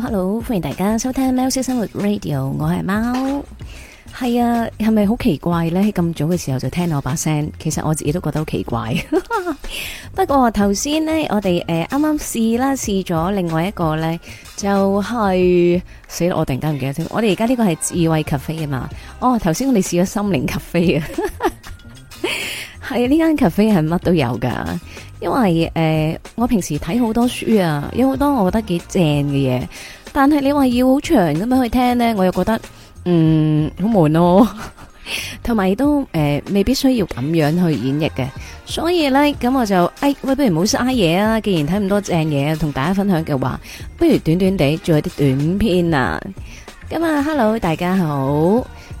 hello，歡迎大家 收聽喵式生活 radio，我係貓，係啊，係咪好奇怪呢？喺咁早嘅時候就聽到我把聲，其實我自己都覺得好奇怪。 不過頭先呢，我哋誒啱啱試啦，試咗另外一個呢，就係死啦！我突然間唔記得添。我哋而家呢個係智慧 cafe 啊嘛。哦，頭先我哋試咗心靈 cafe 啊， 係啊，呢間 cafe 係乜都有噶。因為誒、呃，我平時睇好多書啊，有好多我覺得幾正嘅嘢，但係你話要好長咁樣去聽呢，我又覺得嗯好悶咯，同埋、哦、 都誒、呃、未必需要咁樣去演繹嘅，所以呢，咁我就哎喂，不如唔好嘥嘢啊！既然睇咁多正嘢同大家分享嘅話，不如短短地做一啲短片啊！咁啊，Hello，大家好。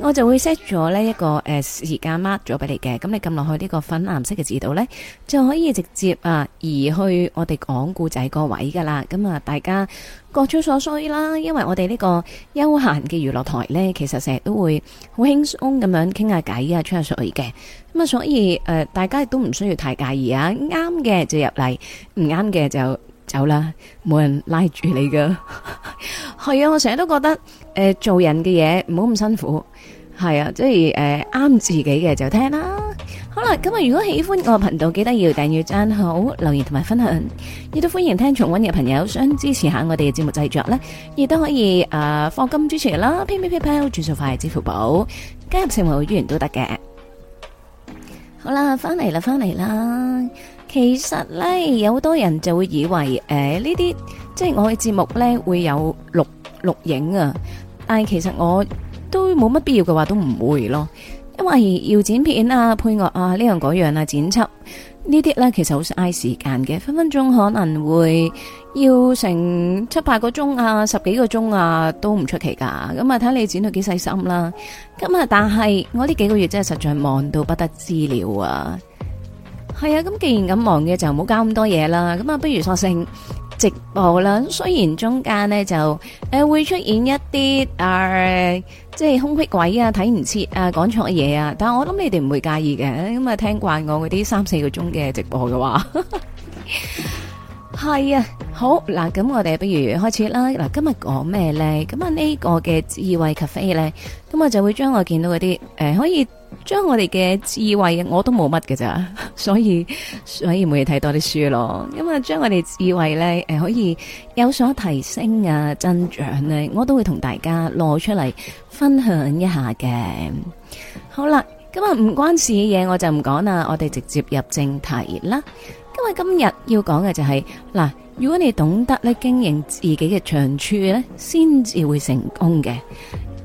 我就會 set 咗呢一個誒、呃、時間 mark 咗俾你嘅，咁你撳落去呢、這個粉藍色嘅字度呢，就可以直接啊移去我哋講故仔個位噶啦。咁啊，大家各取所需啦。因為我哋呢個休閒嘅娛樂台呢，其實成日都會好輕鬆咁樣傾下偈啊，吹下水嘅。咁啊，所以誒、呃，大家亦都唔需要太介意啊。啱嘅就入嚟，唔啱嘅就走啦，冇人拉住你噶。係 啊，我成日都覺得誒、呃、做人嘅嘢唔好咁辛苦。係啊，即係誒啱自己嘅就聽啦。好啦，今日如果喜歡我嘅頻道，記得要訂閱、讚好、留言同埋分享。亦都歡迎聽重温嘅朋友想支持下我哋嘅節目製作咧，亦都可以誒放、呃、金支持啦，p p 飄 l 轉數快支付寶加入成為會員都得嘅。好啦，翻嚟啦，翻嚟啦。其實咧，有好多人就會以為誒呢啲即係我嘅節目咧會有錄錄影啊，但係其實我。都冇乜必要嘅話都唔會咯，因為要剪片啊、配樂啊呢樣嗰樣啊、樣樣剪輯呢啲呢，其實好嘥時間嘅，分分鐘可能會要成七八個鐘啊、十幾個鐘啊都唔出奇噶，咁啊睇你剪到幾細心啦，咁啊但係我呢幾個月真係實在忙到不得之了啊，係啊，咁既然咁忙嘅就唔好搞咁多嘢啦，咁啊不如索性。直播啦，雖然中間咧就誒會出現一啲啊，即係空隙位啊，睇唔切啊，講錯嘢啊，但係我諗你哋唔會介意嘅，咁啊聽慣我嗰啲三四個鐘嘅直播嘅話，係啊，好嗱，咁我哋不如開始啦，嗱今日講咩咧？咁啊呢個嘅智慧 CAFE 咧，咁啊就會將我見到嗰啲誒可以。將我哋嘅智慧，我都冇乜嘅咋，所以所以每日睇多啲書咯。因為將我哋智慧呢，誒可以有所提升啊，增長呢我都會同大家攞出嚟分享一下嘅。好啦，今日唔關事嘅嘢我就唔講啦，我哋直接入正題啦。因為今日要講嘅就係、是、嗱，如果你懂得咧經營自己嘅長處呢先至會成功嘅。誒、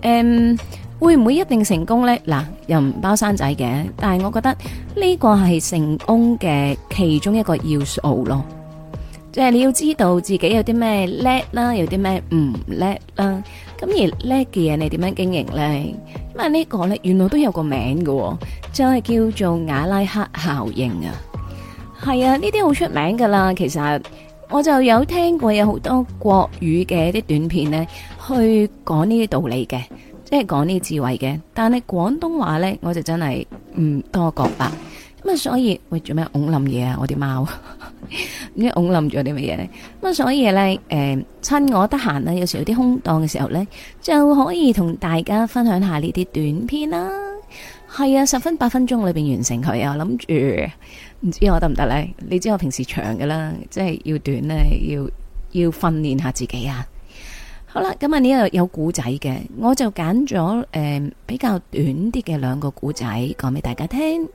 嗯。會唔會一定成功咧？嗱，又唔包生仔嘅，但係我覺得呢個係成功嘅其中一個要素咯。即係你要知道自己有啲咩叻啦，有啲咩唔叻啦。咁而叻嘅嘢，你點樣經營咧？咁啊，呢個咧原來都有個名嘅，就係叫做瓦拉赫效應啊。係啊，呢啲好出名噶啦。其實我就有聽過有好多國語嘅啲短片咧，去講呢啲道理嘅。即係講呢啲智慧嘅，但係廣東話呢，我就真係唔多覺白咁啊！所以喂，做咩拱冧嘢啊？我啲貓，咁啊拱冧咗啲乜嘢咧？咁啊，所以呢，誒、欸，趁我得閒咧，有時有啲空檔嘅時候呢，就可以同大家分享下呢啲短片啦。係啊，十分八分鐘裏邊完成佢啊！諗住，唔知我得唔得呢？你知我平時長噶啦，即係要短呢，要要訓練下自己啊！好啦，咁啊呢度有古仔嘅，我就揀咗誒比較短啲嘅兩個古仔講俾大家聽。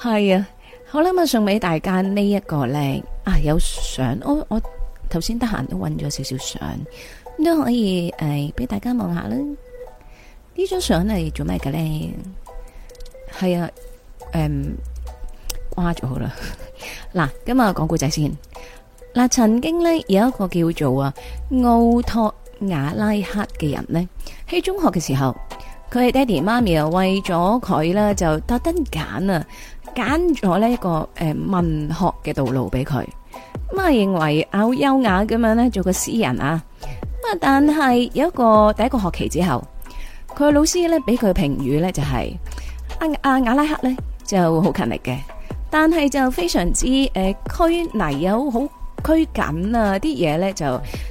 係 啊，好啦，咁啊送俾大家呢一個咧啊有相，我我頭先得閒都搵咗少少相，都可以誒俾、呃、大家望下、啊呃呃呃、 啦。呢張相係做咩嘅咧？係啊，誒，瓜咗好啦。嗱，咁啊講古仔先。嗱，曾經咧有一個叫做啊奧托瓦拉赫嘅人呢，喺中學嘅時候，佢嘅爹哋媽咪啊，為咗佢咧就特登揀啊揀咗呢一個誒、呃、文學嘅道路俾佢咁啊，認為好優雅咁樣咧做個詩人啊咁啊，但係有一個第一個學期之後，佢嘅老師咧俾佢評語咧就係、是、阿阿瓦拉赫咧就好勤力嘅，但係就非常之誒拘泥有好。拘謹啊！啲嘢咧就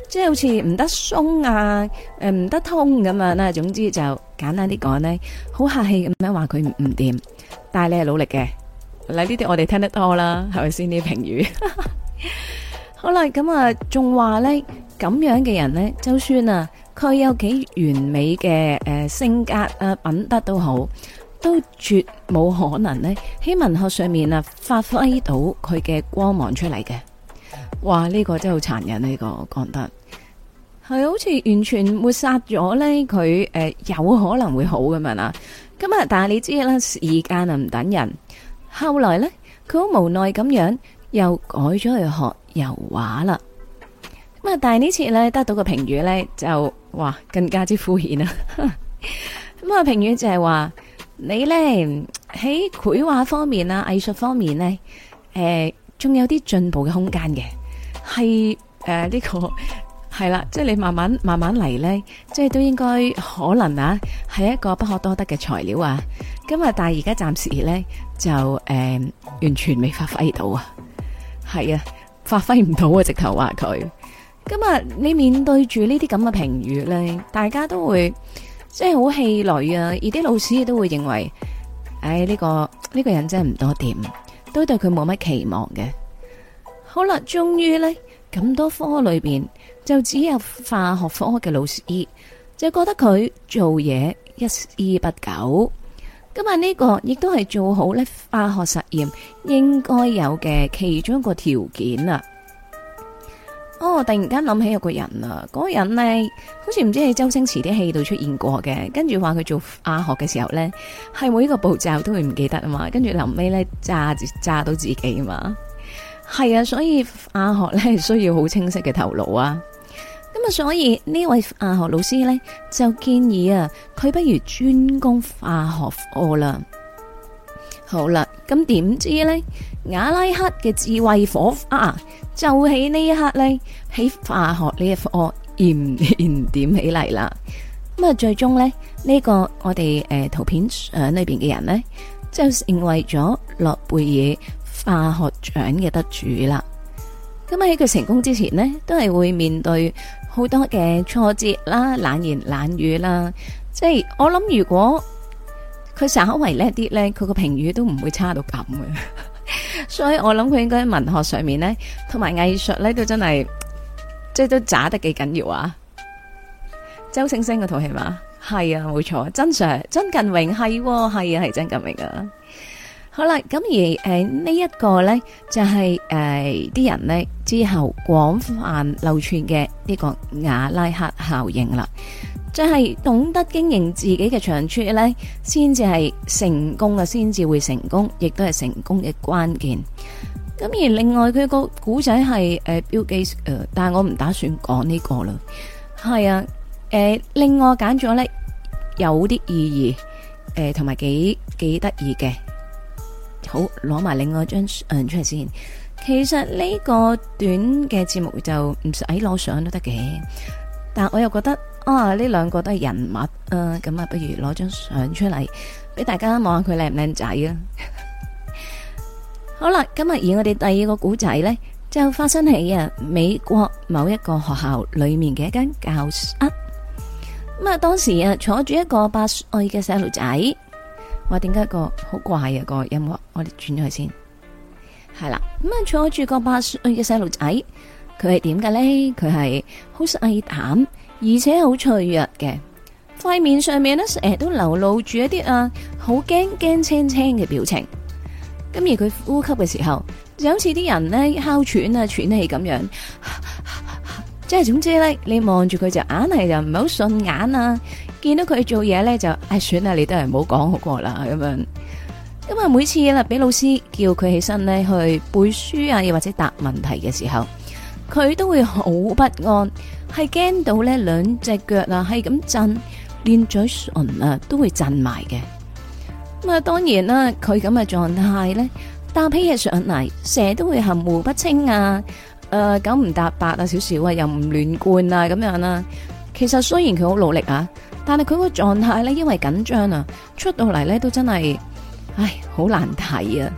即係好似唔得鬆啊，誒唔得通咁啊。嗱，總之就簡單啲講呢，好客氣咁樣話佢唔掂，但係你係努力嘅嗱。呢啲我哋聽得多啦，係咪先啲評語？ 好啦，咁啊，仲話咧咁樣嘅人呢，就算啊，佢有幾完美嘅誒、呃、性格啊品德都好，都絕冇可能呢喺文學上面啊發揮到佢嘅光芒出嚟嘅。哇呢、這個真係好殘忍，呢、這個講得係好似完全抹殺咗呢佢誒有可能會好咁樣啦。咁啊，但係你知啦，時間啊唔等人。後來呢佢好無奈咁樣，又改咗去學油畫啦。咁啊，但係呢次呢得到個評語呢就話更加之敷衍啦。咁啊，評語就係話你呢喺繪畫方面啊，藝術方面呢誒，仲、呃、有啲進步嘅空間嘅。係誒呢個係啦，即係你慢慢慢慢嚟咧，即係都應該可能啊，係一個不可多得嘅材料啊。咁啊，但係而家暫時咧就誒、呃、完全未發揮到啊，係啊，發揮唔到啊，直頭話佢。咁啊，你面對住呢啲咁嘅評語咧，大家都會即係好氣餒啊。而啲老師亦都會認為，唉、哎、呢、呢個、呢個人真係唔多掂，都對佢冇乜期望嘅。好啦，終於呢，咁多科裏邊，就只有化學科嘅老師就覺得佢做嘢一絲不苟。今日呢個亦都係做好呢化學實驗應該有嘅其中一個條件啊！哦，突然間諗起有個人啊，嗰個人呢，好似唔知喺周星馳啲戲度出現過嘅，跟住話佢做化學嘅時候呢，係每一個步驟都會唔記得啊嘛，跟住臨尾呢，炸炸到自己啊嘛。係啊，所以化學咧需要好清晰嘅頭腦啊。咁啊，所以呢位化學老師咧就建議啊，佢不如專攻化學科啦。好啦，咁點知咧，瓦拉赫嘅智慧火花，就喺呢一刻咧，喺化學呢一科燃點起嚟啦。咁啊，最終咧呢個我哋誒、呃、圖片誒裏邊嘅人咧，就成為咗諾貝爾。化學獎嘅得主啦，咁喺佢成功之前呢，都係會面對好多嘅挫折啦、冷言冷語啦，即係我諗如果佢稍微叻啲咧，佢個評語都唔會差到咁嘅。 所以我諗佢應該文學上面咧，同埋藝術咧都真係，即係都渣得幾緊要啊！周星星嗰套戲嘛，係啊，冇錯，真 s i 真近榮係，係啊，係真近榮啊！是好啦，咁而誒呢、呃、一個呢，就係誒啲人呢之後廣泛流傳嘅呢個瓦拉赫效應啦，就係、是、懂得經營自己嘅長處呢，先至係成功啊，先至會成功，亦都係成功嘅關鍵。咁、呃、而另外佢個故仔係誒 Bill Gates 但係我唔打算講呢個啦。係啊，誒、呃，另外揀咗呢，有啲意義誒，同埋幾幾得意嘅。好，攞埋另外一張相出嚟先。其實呢個短嘅節目就唔使攞相都得嘅，但係我又覺得啊，呢兩個都係人物誒，咁啊，不如攞張相出嚟俾大家望下佢靚唔靚仔啊！ 好啦，今日而我哋第二個古仔呢，就發生喺誒、啊、美國某一個學校裏面嘅一間教室。咁啊，當時啊坐住一個八歲嘅細路仔。話點解個好怪啊，個音樂，我哋轉咗去先。係啦，咁啊坐住個八歲嘅細路仔，佢係點嘅咧？佢係好細膽，而且好脆弱嘅。塊面上面咧，成日都流露住一啲啊，好驚驚青青嘅表情。咁而佢呼吸嘅時候，就好似啲人咧哮喘啊喘氣咁樣，啊啊啊、即係總之咧，你望住佢就硬係就唔係好順眼啊。見到佢做嘢咧，就唉、哎，算啦，你都係唔好講好過啦咁樣。因為每次啦，俾老師叫佢起身咧去背書啊，又或者答問題嘅時候，佢都會好不安，係驚到咧兩隻腳啊，係咁震，連嘴唇啊都會震埋嘅。咁啊，當然啦，佢咁嘅狀態咧，搭起嘢上嚟，成日都會含糊不清啊，誒、呃，九唔搭八啊，少少啊，又唔連貫啊，咁樣啦，其實雖然佢好努力啊。但係佢個狀態咧，因為緊張啊，出到嚟咧都真係，唉，好難睇啊！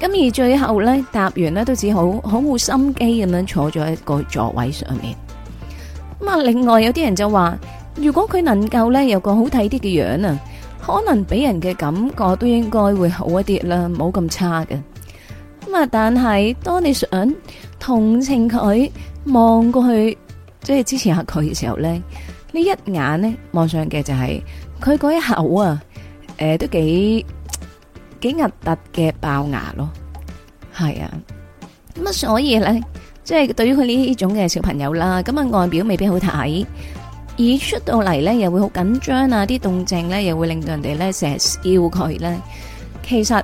咁而最後咧，答完咧都只好好冇心機咁樣坐咗喺個座位上面。咁啊，另外有啲人就話，如果佢能夠咧有個好睇啲嘅樣啊，可能俾人嘅感覺都應該會好一啲啦，冇咁差嘅。咁啊，但係當你想同情佢望過去，即係支持下佢嘅時候咧。呢一眼咧望上嘅就係佢嗰一口啊，誒都幾幾核突嘅爆牙咯，係啊。咁啊所以咧，即係對於佢呢種嘅小朋友啦，咁啊外表未必好睇，而出到嚟咧又會好緊張啊，啲動靜咧又會令到人哋咧成日笑佢咧，其實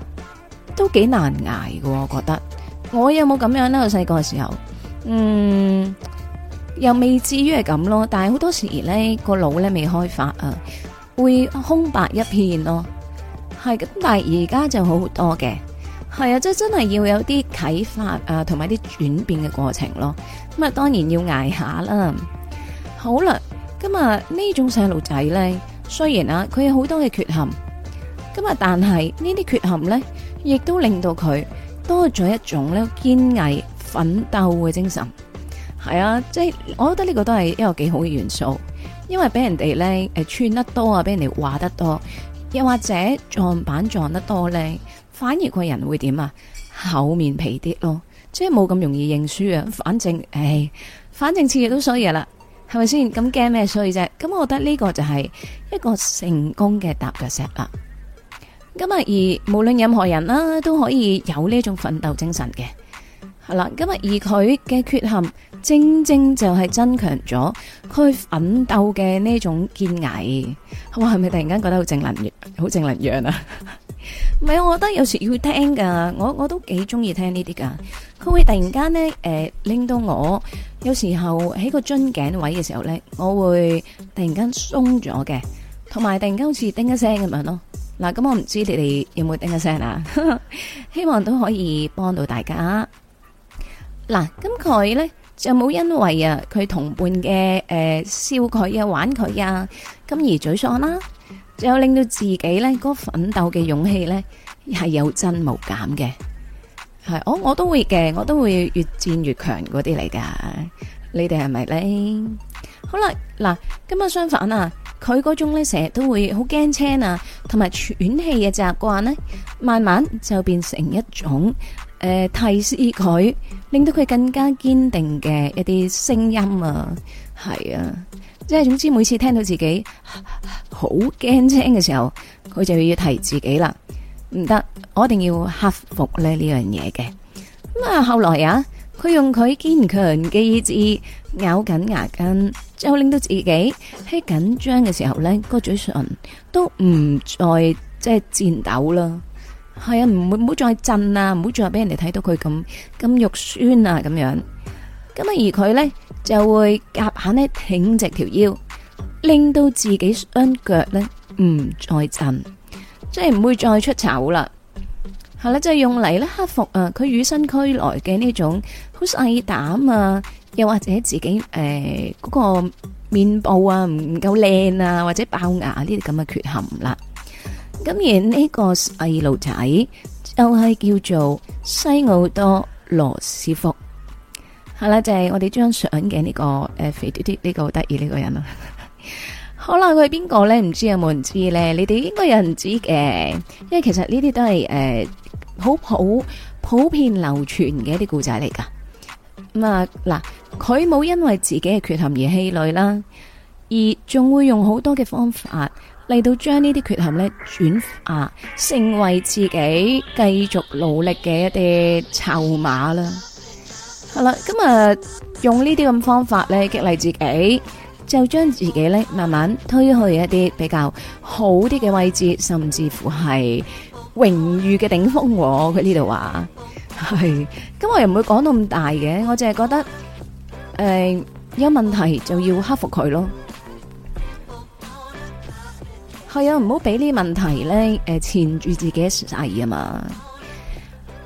都幾難捱噶，我覺得。我有冇咁樣咧？我細個嘅時候，嗯。又未至於係咁咯，但係好多時咧個腦咧未開發啊，會空白一片咯。係咁，但係而家就好好多嘅，係啊，即係真係要有啲啟發啊，同埋啲轉變嘅過程咯。咁啊，當然要捱下啦。好啦，咁啊，呢種細路仔咧，雖然啊佢有好多嘅缺陷，咁啊，但係呢啲缺陷咧，亦都令到佢多咗一種咧堅毅奮鬥嘅精神。係啊，即係我覺得呢個都係一個幾好嘅元素，因為俾人哋咧誒串得多啊，俾人哋話得多，又或者撞板撞得多咧，反而個人會點啊，厚面皮啲咯，即係冇咁容易認輸啊。反正，誒、哎，反正次嘢，都衰嘢啦，係咪先？咁驚咩衰啫？咁我覺得呢個就係一個成功嘅踏腳石啦。咁啊，而無論任何人啦、啊，都可以有呢種奮鬥精神嘅。係啦，今日而佢嘅缺陷正正就係增強咗佢奮鬥嘅呢種堅毅。我係咪突然間覺得好正能量，好正能量啊？唔 係，我覺得有時要聽噶，我我都幾中意聽呢啲噶。佢會突然間咧，誒、呃，拎到我有時候喺個樽頸位嘅時候咧，我會突然間鬆咗嘅，同埋突然間好似叮一聲咁樣咯。嗱，咁我唔知你哋有冇叮一聲啊？ 希望都可以幫到大家。嗱，咁佢呢，就冇因為啊佢同伴嘅誒、呃、笑佢啊玩佢啊咁而沮喪啦，就令到自己呢嗰個奮鬥嘅勇氣呢，係有增無減嘅，係，哦，我都會嘅，我都會越戰越強嗰啲嚟噶，你哋係咪呢？好啦，嗱，咁就相反啊，佢嗰種呢，成日都會好驚青啊，同埋喘氣嘅習慣呢，慢慢就變成一種。誒、呃，提示佢，令到佢更加堅定嘅一啲聲音啊，係啊，即係總之，每次聽到自己好驚青嘅時候，佢就要提自己啦，唔得，我一定要克服咧呢樣嘢嘅。咁啊，後來啊，佢用佢堅強嘅意志，咬緊牙根，之後令到自己喺緊張嘅時候咧，個嘴唇都唔再即係顫抖啦。係啊，唔會唔好再震啊，唔好再俾人哋睇到佢咁咁肉酸啊咁樣。咁啊，而佢呢，就會夾下呢，挺直條腰，令到自己雙腳呢唔再震，即係唔會再出醜啦。係啦、啊，即、就、係、是、用嚟呢克服啊，佢與生俱來嘅呢種好細膽啊，又或者自己誒嗰、呃嗰個面部啊唔夠靚啊，或者爆牙呢啲咁嘅缺陷啦。咁而呢個細路仔就係叫做西奧多羅斯福。好啦，就係我哋張相嘅呢個誒肥嘟嘟呢個好得意呢個人 好啦，佢係邊個咧？唔知有冇人知咧？你哋應該有人知嘅，因為其實呢啲都係誒好普普遍流傳嘅一啲故仔嚟噶。咁啊，嗱，佢冇因為自己嘅缺陷而氣餒啦，而仲會用好多嘅方法。嚟到將呢啲缺陷咧轉化，成為自己繼續努力嘅一啲籌碼啦。係、嗯、啦，用呢啲咁方法咧激勵自己，就將自己咧慢慢推去一啲比較好啲嘅位置，甚至乎係榮譽嘅頂峰。我佢呢度話係，咁我又唔會講到咁大嘅，我淨係覺得誒、呃、有問題就要克服佢咯。係啊，唔好俾呢啲問題咧，誒、呃，纏住自己嘅細啊嘛。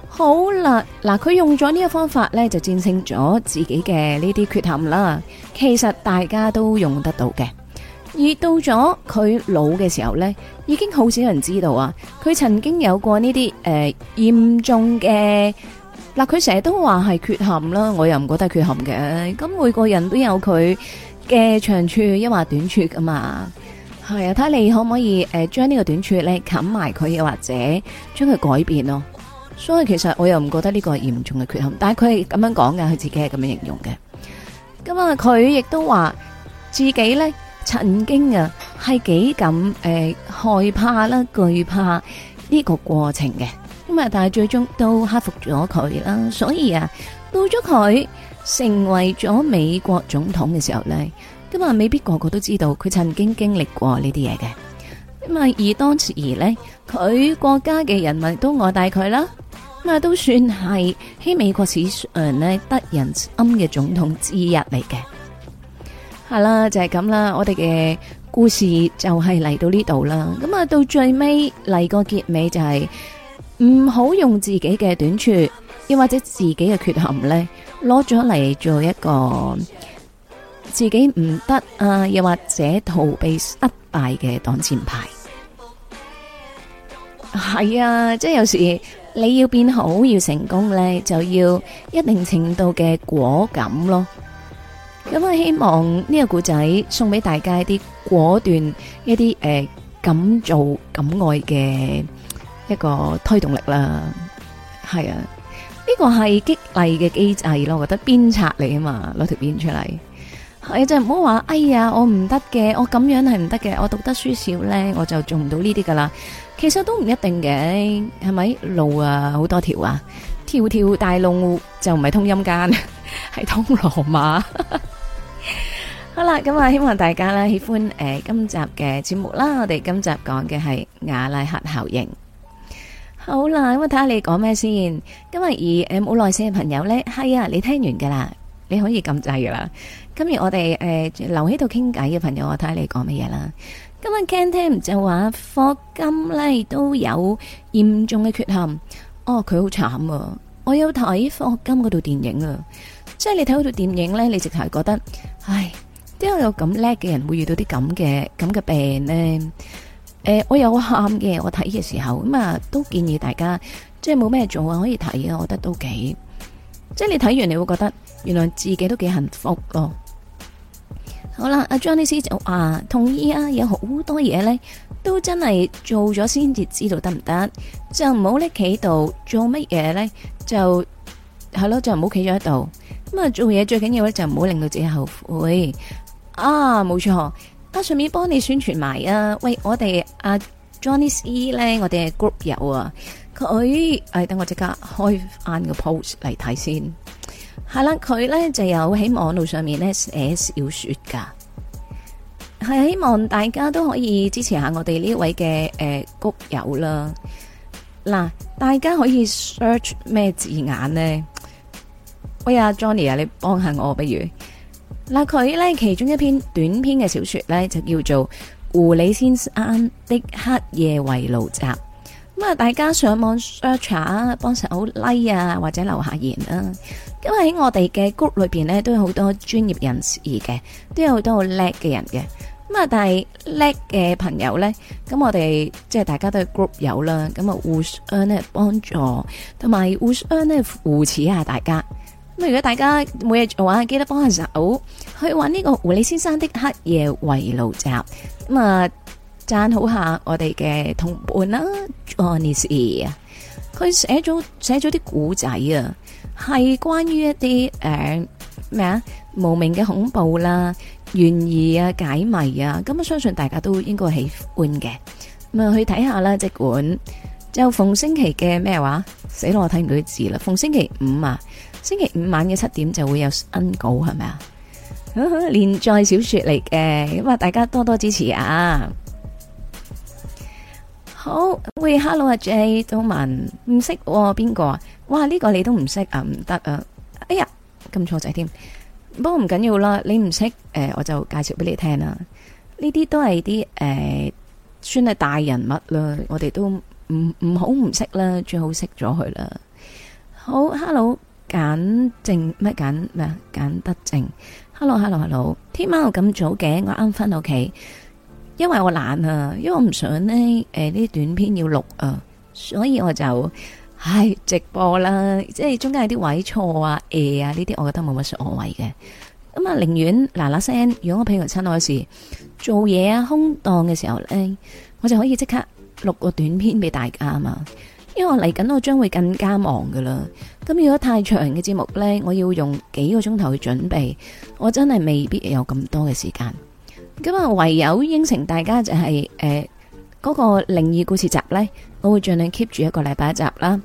好啦，嗱，佢用咗呢個方法咧，就戰勝咗自己嘅呢啲缺陷啦。其實大家都用得到嘅。而到咗佢老嘅時候咧，已經好少人知道啊。佢曾經有過呢啲誒嚴重嘅，嗱，佢成日都話係缺陷啦，我又唔覺得係缺陷嘅。咁每個人都有佢嘅長處，抑或短處噶嘛。係啊，睇下你可唔可以誒，將、呃、呢個短處咧冚埋佢，又或者將佢改變咯。所以其實我又唔覺得呢個係嚴重嘅缺陷，但係佢係咁樣講㗎。佢自己係咁樣形容嘅。咁、嗯、啊，佢亦都話自己咧曾經啊係幾咁誒害怕啦，懼怕呢個過程嘅。咁啊，但係最終都克服咗佢啦。所以啊，到咗佢成為咗美國總統嘅時候咧。咁啊，未必個個都知道佢曾經經歷過呢啲嘢嘅。咁啊，而當時呢，佢國家嘅人民都愛戴佢啦。咁啊，都算係喺美國史上呢得人心嘅總統之一嚟嘅。係啦，就係咁啦。我哋嘅故事就係嚟到呢度啦。咁啊，到最尾嚟個結尾就係唔好用自己嘅短處，又或者自己嘅缺陷呢，攞咗嚟做一個。自己唔得啊，又或者逃避失敗嘅擋箭牌係啊，即係有時你要變好，要成功咧，就要一定程度嘅果敢咯。咁我，希望呢個故仔送俾大家一啲果斷、一啲誒敢做敢愛嘅一個推動力啦。係啊，呢個係激勵嘅機制咯。我覺得鞭策你啊嘛，攞條鞭出嚟。係就唔好話，哎呀，我唔得嘅，我咁樣係唔得嘅，我讀得書少咧，我就做唔到呢啲噶啦。其實都唔一定嘅，係咪？路啊，好多條啊，條條大路就唔係通陰間，係通羅馬。 好啦，咁啊，希望大家啦喜歡誒今集嘅節目啦。我哋今集講嘅係瓦拉赫效應。好啦，咁我睇下你講咩先。今日而誒冇耐性嘅朋友咧，係啊，你聽完噶啦。你可以撳掣㗎啦。今日我哋誒、呃、留喺度傾偈嘅朋友，我睇下你講乜嘢啦？今日 Ken Tim 就話霍金咧都有嚴重嘅缺陷。哦，佢好慘啊！我有睇霍金嗰套電影啊，即係你睇嗰套電影咧，你直頭覺得，唉，點解有咁叻嘅人會遇到啲咁嘅咁嘅病咧、呃？我有喊嘅，我睇嘅時候咁啊，都建議大家，即係冇咩做啊，可以睇啊，我覺得都幾，即係你睇完你會覺得。原來自己都幾幸福咯。好啦，阿 Johnny C 就啊同意啊，有好多嘢咧，都真係做咗先至知道得唔得。就唔好匿企度做乜嘢咧，就係咯，就唔好企咗喺度。咁啊做嘢最緊要咧就唔好令到自己後悔。啊冇錯，啊順便幫你宣傳埋啊。喂，我哋阿、啊、Johnny C 呢，咧，我哋 group 友啊，佢誒、哎，等我即刻開翻個 post 嚟睇先。係啦，佢咧就有喺網路上面咧寫小說噶，係希望大家都可以支持下我哋呢位嘅誒、呃、谷友啦。嗱，大家可以 search 咩字眼呢？喂、啊，呀 Johnny 啊，你幫下我，不如。嗱，佢咧其中一篇短篇嘅小說咧就叫做《狐狸先生的黑夜圍爐集》。咁啊！大家上網 search 下，幫手 like 啊，或者留下言啦、啊。咁喺我哋嘅 group 裏面咧，都有好多專業人士嘅，都有好多好叻嘅人嘅。咁啊，但係叻嘅朋友咧，咁我哋即係大家都係 group 友啦，咁啊互相咧幫助，同埋互相咧扶持下大家。咁如果大家冇嘢做嘅話記得幫下手去玩呢、這個《狐狸先生的黑夜圍爐集》。咁啊～讚好下我哋嘅同伴啦，Jonny 啊，佢寫咗寫咗啲古仔啊，係關於一啲誒咩啊無名嘅恐怖啦、懸疑啊、解謎啊，咁啊相信大家都應該喜歡嘅，咁啊去睇下啦。即管就逢星期嘅咩話，死咯我睇唔到字啦。逢星期五啊，星期五晚嘅七點就會有新稿係咪啊？是是 連載小說嚟嘅，咁啊大家多多支持啊！好，喂，Hello，阿 J，周文，唔識邊、哦、個啊？哇，呢、這個你都唔識啊？唔得啊！哎呀，咁錯仔添，不過唔緊要啦，你唔識誒、呃，我就介紹俾你聽啦。呢啲都係啲誒，算係大人物啦，我哋都唔唔好唔識啦，最好識咗佢啦。好，Hello，簡正，咩？簡咩？簡德正，Hello，Hello，阿老，hello, hello, hello, 天喵我咁早嘅？我啱翻到屋企。因為我懶啊，因為我唔想呢誒呢啲短片要錄啊，所以我就唉直播啦。即係中間有啲位錯啊、誒、呃、啊，呢啲我覺得冇乜所謂嘅。咁啊，寧願嗱嗱聲。如果我譬如趁我時做嘢啊、空檔嘅時候呢，我就可以即刻錄個短片俾大家啊嘛。因為我嚟緊我將會更加忙噶啦。咁如果太長嘅節目呢，我要用幾個鐘頭去準備，我真係未必有咁多嘅時間。咁啊，唯有應承大家就係誒嗰個靈異故事集呢，我會盡量 keep 住一個禮拜一集啦。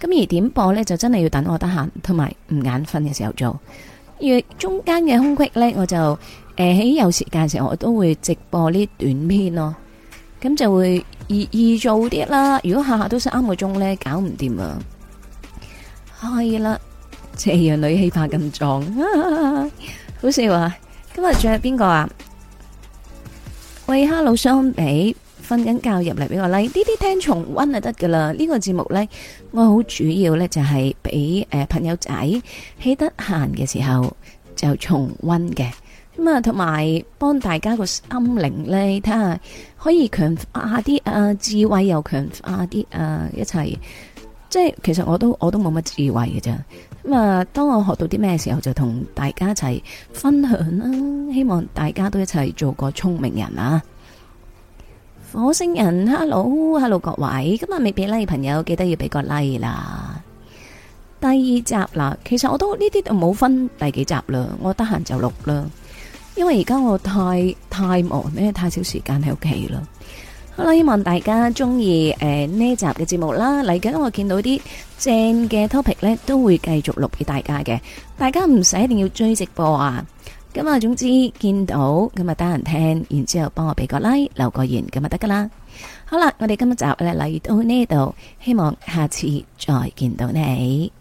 咁而點播呢，就真係要等我得閒同埋唔眼瞓嘅時候做。而中間嘅空隙呢，我就誒喺、呃、有時間時候，我都會直播呢短篇咯。咁就會易易做啲啦。如果下下都三個鐘呢，搞唔掂啊，可以啦，斜陽女氣派咁壯，好笑啊！今日仲有邊個啊？喂，Hello，相比瞓緊覺入嚟俾我 like，呢啲聽重溫就得噶啦。呢、呢個節目呢，我好主要呢就係俾誒朋友仔起得閒嘅時候就重溫嘅。咁啊，同埋幫大家個心靈呢，睇下可以強化啲啊智慧又強，又強化啲啊一齊。即係其實我都我都冇乜智慧嘅啫。咁啊，當我學到啲咩時候，就同大家一齊分享啦。希望大家都一齊做個聰明人啊！火星人，hello，hello，Hello 各位，今日未俾 like 朋友記得要俾個 like 啦。第二集啦，其實我都呢啲都冇分第幾集啦，我得閒就錄啦，因為而家我太太忙，因為太少時間喺屋企啦。好啦，希望大家中意誒呢集嘅節目啦。嚟緊我見到啲正嘅 topic 呢，都會繼續錄俾大家嘅。大家唔使一定要追直播啊。咁啊，總之見到咁啊，得閒聽，然之後幫我俾個 like，留個言咁就得噶啦。好啦，我哋今集呢嚟到呢度，希望下次再見到你。